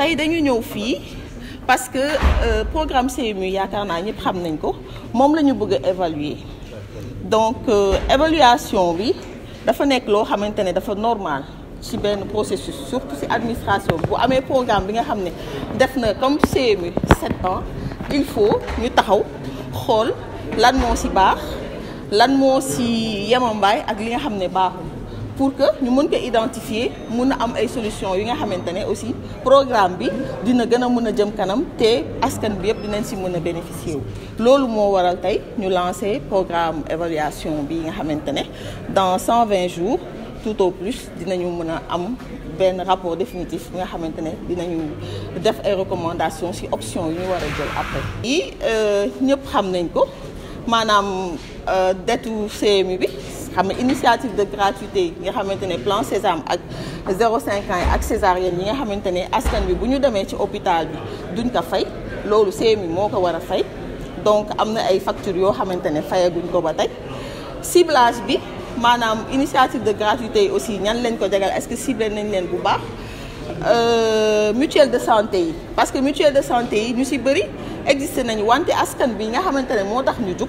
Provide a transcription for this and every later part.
tay dañu ñëw fii parce que euh, programme CMU yaakaar naa ñëpp xam nañ ko moom la ñu bëgg a évaluer donc euh, évaluation bi dafa nekk loo xamante ne dafa normal ci benn processus surtout ci administration bu amee programme bi nga xam ne def na comme CMU 7 ans il faut ñu taxaw xool lan moo si baax lan moo ci yemambaay ak li nga xam ne baaxul pour que ñu mën ko identifier nous avons am ay solution yi nga xamante aussi programme bi dina nous a mën a jëm kanam te askan bi yëpp dinañ bénéficier wu. loolu moo waral tey ñu lancé programme évaluation bi nga xamante dans 120 jours tout au plus dinañu avons am benn rapport définitif bi nga xamante ne dinañu def ay recommandations des options. yi ñu war jël après. yi euh, ñëpp xam nañ ko maanaam euh, dettu CMU bi xam initiative de gratuité nga xamantene plan Sésame ak 05 ans ak césarienne yi nga xamantene askan bi bu ñu demee ci hôpital bi duñ ko fay loolu CMU moo ko war fay donc am na ay factures yoo xamantene maintenant fayaguñ ko ba tey ciblage bi maanaam initiative de gratuité aussi ñan lañ ko jagal est-ce que ciblé nañ leen bu baax euh, mutuelle de santé parce que mutuelle de santé yi ñu si bëri existé nañ wante askan bi nga xamante ne moo tax ñu jug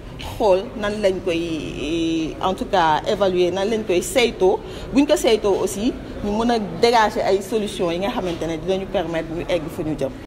xool nan lañ koy euh, en tout cas évaluer nan lañ koy saytoo buñ ko saytoo aussi ñu mën a dégager ay solutions yi nga xamante ne dinañu permettre ñu egg fu ñu jëm